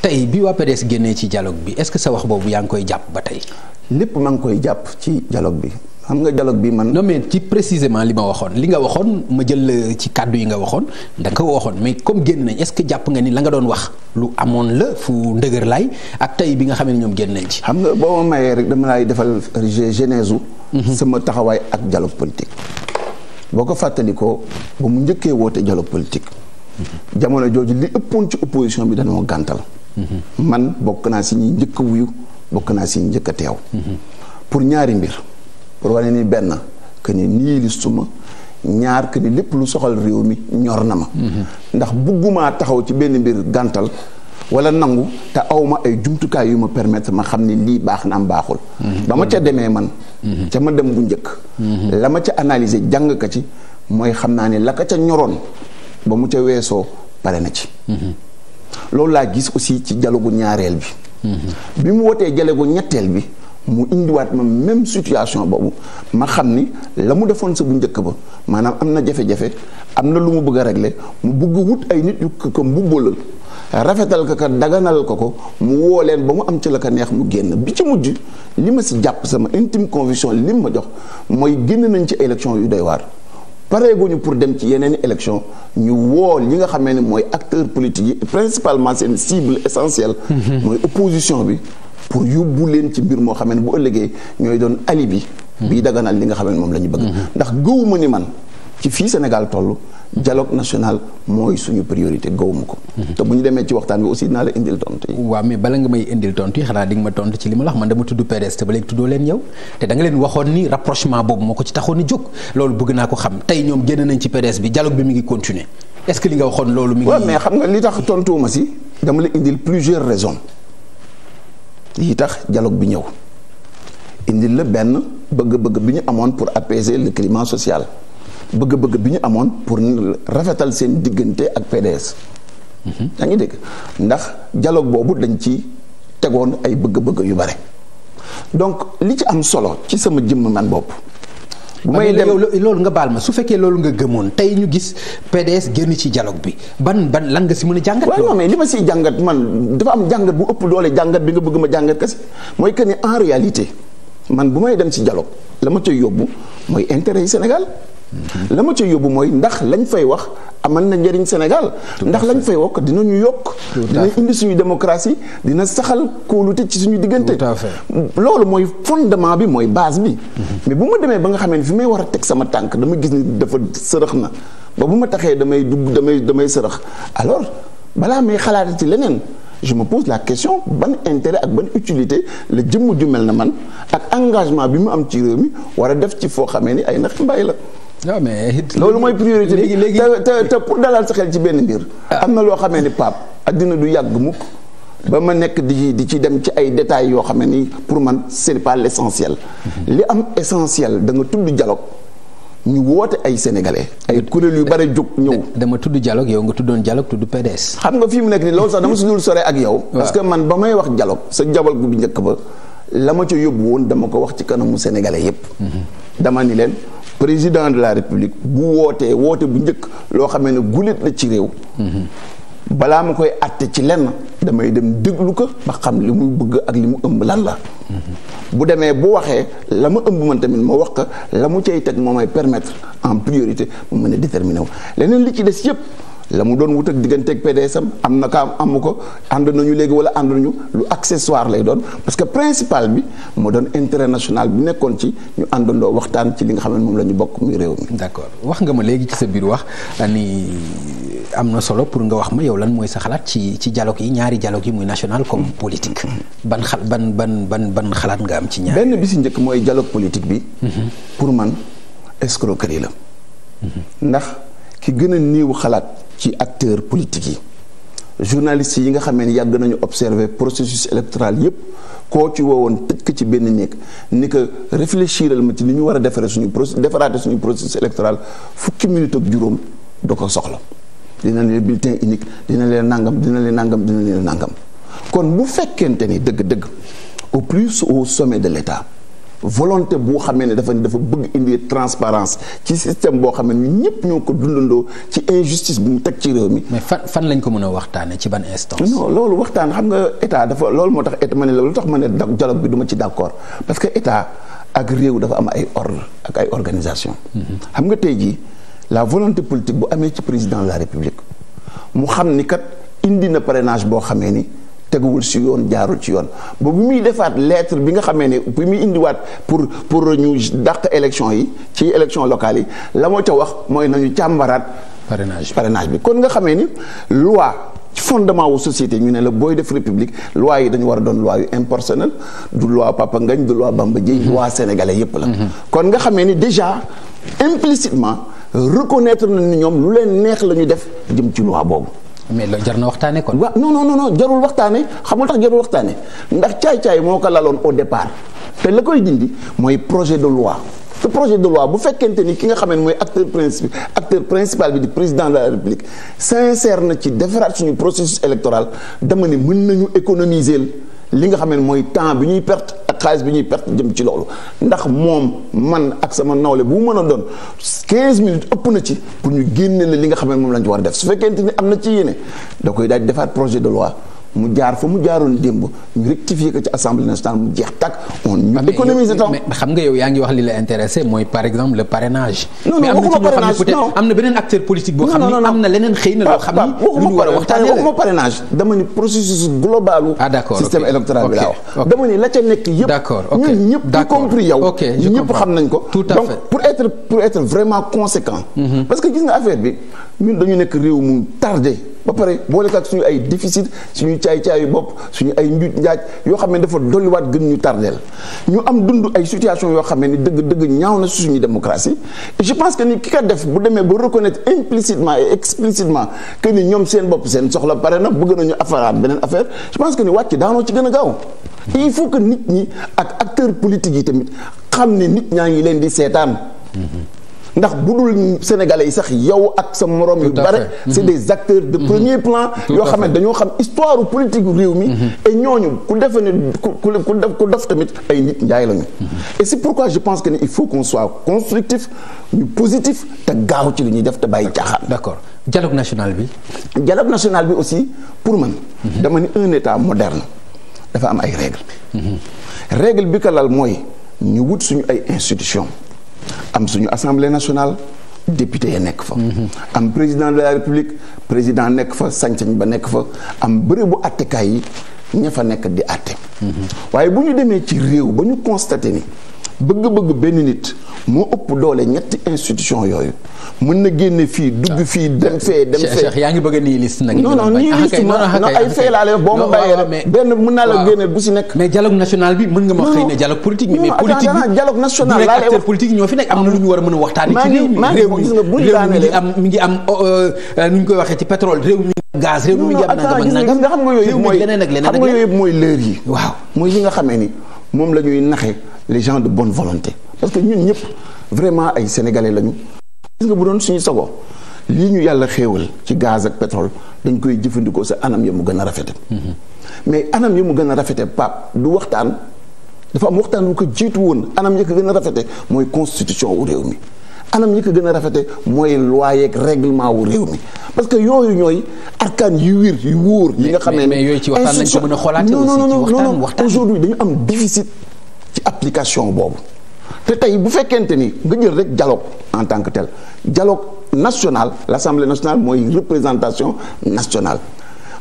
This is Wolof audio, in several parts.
tey bi waa PDS génnee ci dialogue bi est-ce que sa wax boobu yaa ngi koy jàpp ba tey. lépp maa ngi koy jàpp ci dialogue bi xam nga dialogue bi man. non mais ci précisément li ma waxoon li nga waxoon ma jël la euh, ci kàddu yi nga waxoon da ko waxoon mais comme génn nañ est-ce que jàpp nga ni la doon wax lu amoon la fu ndëgër laay ak tey bi nga xam ñoom génn nañ ci. xam nga boo mayee rek dama laay defal genèse mhm. sama taxawaay ak dialogue politique. boo ko fàttali ko ba mu njëkkee woote dialogue politique. Mhm. jamono jooju li ëppoon ci opposition bi dañoo gàntal. man bokk naa si ñi njëkk a wuyu bokk naa si ñi njëkk a teew. pour ñaari mbir pour wane ni benn que ni nii li suma ñaar que ni lépp lu soxal réew mi ñor na ma. ndax buggumaa taxaw ci benn mbir gàntal. wala nangu te aw ma ay jumtukaay yu ma permettre ma xam ni lii baax na am baaxul. ba ma ca demee man. ca ma dem bu njëkk. la ma ca analyser jàng ka ci mooy xam naa ni la ka ca ñoroon ba mu ca weesoo pare na ci. loolu laa gis aussi ci dialogue ñaareel bi. Mhm. bi mu wootee dialogue ñetteel bi mu indiwaat ma même situation boobu ma xam ni la mu defoon sa bu njëkk ba maanaam am na jafe-jafe am na lu mu bëgg a régler mu bëgg wut ay nit yu ko mbubbalal rafetal ko ko daganal ko ko mu woo leen ba mu am ci la ko neex mu génn bi ci mujj li ma si jàpp sama intime conviction li mu ma jox mooy génn nañ ci élection yu doy waar. ñu pour dem ci yeneen élection ñu woo ñi nga xamee ne mooy acteur politique yi principalement seen cible essentielle mhm. mooy opposition bi pour yóbbu leen ci mbir moo xamee ne bu ëllëgee ñooy doon alibi. bi mhm. bii daganal li nga xamee ne moom la ñu bëgg mhm. ndax gëwuma ni man ci fii Sénégal toll dialogue national mooy suñu priorité gawuma ko mhm. te bu ñu demee ci waxtaan bi aussi naa la indil tontu yi waaw mais bala nga may indil tontu yi xanaa di nga ma tontu ci li ma la wax man dama tudd PDS te ba léegi tuddoo leen yow te da nga leen ko ci taxoon ni jóg loolu bëgg naa ko xam tey ñoom génn nañ ci PDS bi dialogue bi mi ngi continuer est-ce que li nga waxoon loolu mi ngi waaw li tax tontuwuma si dama la indil plusieurs raisons yi tax dialogue bi ñëw indil la benn bëgg-bëgg bi ñu amoon pour apaiser le climat social bëgg-bëgg bi ñu amoon pour rafetal seen diggante ak PDS. yaa ngi dégg ndax dialogue boobu dañ ci tegoon ay bëgg-bëgg yu bare. donc li ci am solo ci sama jëmm man bopp. bu may dem loolu nga baal ma su fekkee loolu nga gëmoon tey ñu gis PDS génn ci dialogue bi ban ban lan nga si mën a jàngat. waaw mais li ma siy jàngat man dafa am jàngat bu ëpp doole jàngat bi nga bëgg ma jàngat kese mooy que ni en réalité man bu may dem si dialogue la ma ci yóbbu mooy intérêt yi Sénégal. la ma ca yóbbu mooy ndax lañ fay wax amal na njëriñ Sénégal ndax lañ fay wax dinañu yokk dina indi suñu démocratie dina saxal kóolute ci suñu diggante loolu mooy fondement bi mooy baas bi mais bu ma demee ba nga xamee ne fi may war a teg sama tànk dama gis ni dafa sërëx na ba bu ma taxee damay dugg damay damay sërëx alors balaa may xalaat ci leneen je me pose la question ban intérêt ak ban utilité la jëmm ju mel na man ak engagement bi mu am ci réew mi war a def ci foo xamee ni ay nax mbaay la non mais loolu mooy priorité bi léegi te te pour dalal sa xel ci benn mbir. Ah. am na loo xamee ni Pape addina du yàgg mukk ba ma nekk di di ci dem ci ay détails yoo xam ne ni pour man c'est pas l'essentiel. Mhm. li am essentiel da tudd dialogue ñu woote ay sénégalais. ay kuréel yu bare jóg ñëw. dama tudd dialogue yow nga tuddoon dialogue tudd PDS. xam nga fi mu nekk nii loolu sax dama su dul sore ak yow. parce que man ba may wax dialogue sa jabal gu njëkk ba la ma ca yóbbu woon dama ko wax ci kanamu sénégalais yépp mhm. dama président de la république bu wootee woote bu njëkk loo xamee ne gulit la ci réew balaa ma koy àtte ci lenn damay dem déglu ko ba xam li muy bëgg ak li mu ëmb lan la bu demee bu waxee la ma ëmb man tamit ma wax ko la mu cay teg moo may permettre en priorité mu mën a déterminer wu leneen li ci des yëpp la mu doon wut ak digganteeg PDS am am na ka amu ko ànd nañu léegi wala ànd nañu lu accessoire lay doon parce que principal bi moo doon intérêt national bi nekkoon ci ñu àndandoo waxtaan ci li nga xam moom la ñu bokk muy réew mi. d'accord wax nga ma léegi ci sa biir wax ni am na solo pour nga wax ma yow lan mooy sa xalaat ci ci dialogue yi ñaari dialogue yi muy nationale comme mm-hmm. politique. ban xal ban ban ban ban xalaat nga am ci ñaar. benn bi si njëkk mooy dialogue politique bi. Mm-hmm. pour man escroquerie la. Mm-hmm. ndax. ki gën a néew xalaat ci acteur politique yi journalistes yi nga xamee ni yàgg nañu observer processus électoral yépp koo ci woowoon tëj ko ci benn néeg ni que réfléchiral ma ci ni ñu war a defaree suñu processus defaraate suñu processus électoral fukki minute ak juróom da ko soxla dina leen bulletin unique dina leen nangam dina leen nangam dina leen nangam kon bu fekkente ni dëgg-dëgg au plus au sommet de l'État volonté boo xamee ne dafa dafa bëgg indi transparence ci système boo xamee ne ñëpp ñoo ko dundandoo ci injustice bu mu teg ci réew mi. mais fan fan lañ ko mën a waxtaanee ci ban instance. non loolu waxtaan xam nga état dafa loolu moo tax état ma ne la lu tax ma ne dialogue bi du ma ci d' parce que état ak réew dafa am ay ordre ak ay organisation mm-hmm. xam nga tey jii la volonté politique bu amee ci président de la république mu xam ni kat indi na parrainage boo xamee ni. teguwul si yoon jaarul ci yoon ba bu muy defaat lettre bi nga xamee ne bi muy indiwaat pour pour ñu dàq élection yi ci élection locale yi la moo ca wax mooy na ñu càmbaraat parrainage parrainage bi kon nga xamee ni loi fondement wu société ñu ne la booy def république loi yi dañu war a doon loi yu impersonnel du loi Papa Ngagne du loi Bamba Dièye loi sénégalais yépp la mhm. kon nga xamee ni déjà implicitement reconnaître ni ñoom lu leen neex la ñu def jëm ci loi boobu mais loolu jar na waxtaanee kon. waaw non no non jarul waxtaanee xamul tax jarul waxtaanee ndax caay-caay moo ko laloon au départ te la koy dindi mooy projet de loi. ce projet de loi bu fekkente ni ki nga xam ne mooy acteur principal acteur principal bi di président de la république sincère na ci defaraat suñu processus électoral dama ne mën nañu économiser. li nga xam mooy temps bi ñuy perte ak xaalis bi ñuy perte jëm ci loolu ndax moom man ak sama nawle bu mu mën a doon 15 minutes ëpp na ci pour ñu génne la li nga xam moom lañ ci war a def su fekkente ni am na ci yéene da koy daal di defaat projet de loi. mu jaar fa mu jaaroon démb ñu rectifier ko ci assemblée nationale mu jeex tàkk on ñu économiser temps mais xam nga yow yaa ngi wax li la intéressé mooy par exemple le parrainage. non non waxuma parrainage non am na beneen acteur politique boo xam ne am na leneen xëy na loo xam ni lu ñu war a waxtaanee la waxuma parrainage dama ni processus globalu ah, système électoral bi laa wax dama ni la ca nekk yëpp d'accord ñun ñëpp y compris yow ñun ñëpp xam nañ ko tout à fait donc pour être pour être vraiment conséquent mm-hmm. parce que gis nga affaire bi ñun dañu nekk réew mu tardé ba pare boole ko ak suñu ay déficit suñu caay-caayu bopp suñu ay njuuj njaaj yoo xam ne dafa dolliwaat gën ñu tardeel ñu am dund ay situation yoo xam ne dëgg dëgg ñaaw na suñu démocratie et je pense que ni ki ka bu demee ba reconnaître implicitement et explicitement que ni ñoom seen bopp seen soxla pare na bëgg nañu affaire beneen affaire je pense que ni wàcc daanoo ci gën a gaaw il faut que nit ñi ak acteurs politiques yi tamit xam ne nit ñaa ngi leen di seetaan mm-hmm. ndax bu dul sénégalais yi sax yow ak sa moroom yu bare c'est mm-hmm. des acteurs de mm-hmm. premier plan yoo xam ne dañoo xam histoire politique réew mi mm-hmm. et ñooñu ku defe ne ku ku def ku def tamit ay njaay lañu et c'est pourquoi je pense que ne il faut qu'on soit constructif ñu positif te gaaw ci li ñuy def te bàyyi caaxaan d'accord dialogue national bi dialogue national bi aussi pour man dama ni un état moderne dafa am ay règles règle bi ko lal mooy ñu wut suñu ay institutions am suñu assemblée nationale député ya nekk fa. Mm-hmm. am président de la république président nekk fa sañ-sañ ba nekk fa am bërëbu attekaay yi ña fa nekk di atte. Mm-hmm. waaye bu ñu demee ci réew ba ñu constaté ni. bëgg-bëgg benn nit moo ëpp doole ñetti institution yooyu mun na génne fii dugg ah. fii dem fee dem fee. Cheikh yaa ngi bëgg a nihiliste nag. non non ah, nihiliste non ah, ay bu si nekk. mais dialogue national bi mën nga ma xëy na dialogue politique. mais politique bi dialogue national laa lay ñu war a mën a waxtaanee. ngi am oh, euh, euh, nu ñu koy waxee ci pétrole réew mi. gaz réew ngi am nangam ak nangam. réew mi leneen ak leneen ak leneen xam nga yooyu mooy leer yi. waaw mooy li nga xamee ni moom la ñuy naxee les gens de bonne volonté parce que ñun ñëpp vraiment ay sénégalais lañu gis nga bu doon suñu sago lii ñu yàlla xéewal ci gaz ak pétrole dañ koy jëfandikoo sa anam ya mu gën a rafete mais anam ya mu gën a rafete a mooy constitution wu réew mi anam yi ko gën a rafete mooy loi yeeg règlement wu réew mi parce que yooyu ñooy arkaan yu wér yu wóor yi nga xam ne a xoolaat non non non non aujourd'hui dañu am déficit ci application boobu te tey bu fekkente ni nga jël rek dialogue en tant que tel dialogue national l'Assemblée nationale mooy représentation nationale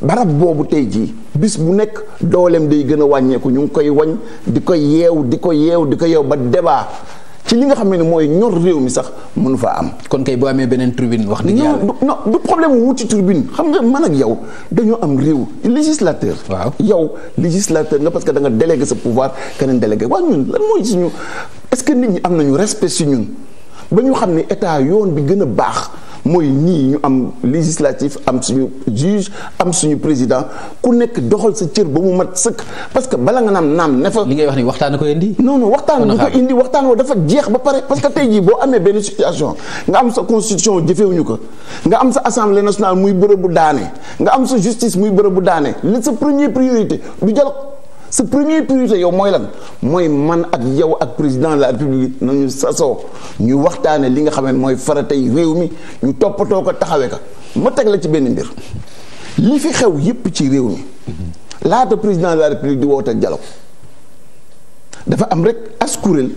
barab boobu tey jii bis bu nekk dooleem day gën a wàññeeku ñu ngi koy wañ di ko yeew di ko yeew di ko yeew ba débat ci li nga xam ne mooy ñor réew mi sax mënu faa am. kon kay boo amee beneen tribune wax. dëgg yàlla non du problème wuti tribune xam nga mën ak yow dañoo am réew législateur. waaw yow législateur nga parce que da nga délégué sa pouvoir keneen délégué waaw ñun lan mooy suñu est-ce que nit ñi am nañu respect si ñun ba ñu xam ne état yoon bi gën a baax. mooy ñii ñu am législatif am suñu juge am suñu président ku nekk doxal sa cër ba mu mat sëkk parce que bala nga naan naan ne fa. li ngay wax ni waxtaan ko indi. non non waxtaan bu ko indi waxtaan woo dafa jeex ba pare parce que tey jii boo amee benn situation nga am sa constitution jëfewuñu ko nga am sa assemblée nationale muy bërëb bu daane nga am sa justice muy bërëb bu daanee li sa première priorité du dialogue sa première priorité yow mooy lan mooy man ak yow ak président de la république nañu sasoo ñu waxtaane li nga xam ne mooy faratay réew mi ñu toppatoo ko taxawee ko ma teg la ci benn mbir li fi xew yépp ci réew mi laata président de la république di woote dialogue dafa am rek as kuréel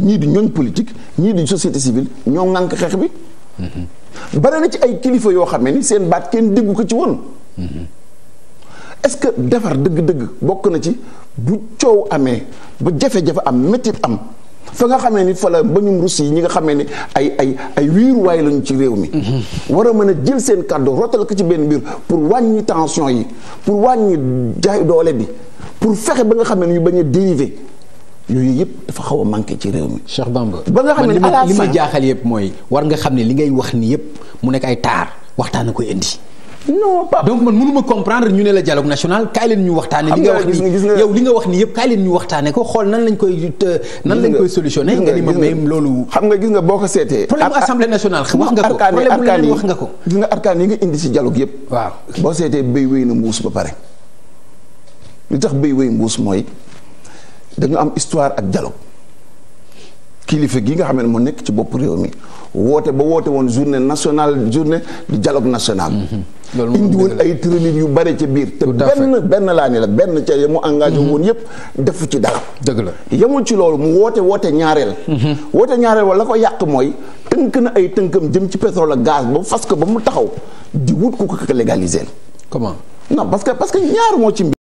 ñii di ñooñ politique ñii di société civile ñoo ŋànk xeex bi mm-hmm. bare na ci ay kilifa yoo xamee ni seen baat kenn déggu ko ci woon mm-hmm. est-ce que defar dëgg-dëgg bokk na ci du coow amee ba jafe-jafe am métit am fa nga xamee ni fa la ba ñum russi ñi nga xamee ni ay ay ay wiiruwaay lañu ci réew mi mm-hmm. war a mën a jël seen kàddu ko ci benn biir pour wàññi tension yi pour wàññi jaay doole bi pour fexe ba nga xamee ni ñu bañ a dérivé yooyu yëpp dafa xaw a manqué ci réew mi Cheikh Bamba ba nga xam ne li ma jaaxal yëpp mooy war nga xam ne li ngay wax nii yëpp mu nekk ay taar waxtaan a koy indi non pas donc man mënuma comprendre ñu ne la dialogue national kaay leen ñu waxtaane li nga wax ni yow li nga wax ni yëpp kaay leen ñu waxtaane ko xool nan lañ koy nan lañ koy solutionné nga ni ma même loolu xam nga gis nga boo ko seetee problème assemblée nationale wax nga ko wax nga ko gis nga arkaan yi nga indi si dialogue yëpp waaw boo seetee béy wéy na mbuus ba pare li tax béy wéy mbuus mooy dañu am histoire ak dialogue kilifa gii nga xam ne moo nekk ci bopp réew mi woote ba woote woon journée nationale journée du dialogue national. Mhm. indi ay tëralin yu bare ca biir. te benn benn laa ne la benn ca ya mu engagé mhm. woon yëpp defu ci dara. dëgg la yemul ci loolu mu woote woote ñaareel. Mhm. woote ñaareel wala ko yàq mooy tënk na ay tënkam jëm ci pétrole a gaz ba fas ko ba mu taxaw di wut ku ko légaliser. comment non parce que ñaar moo ci.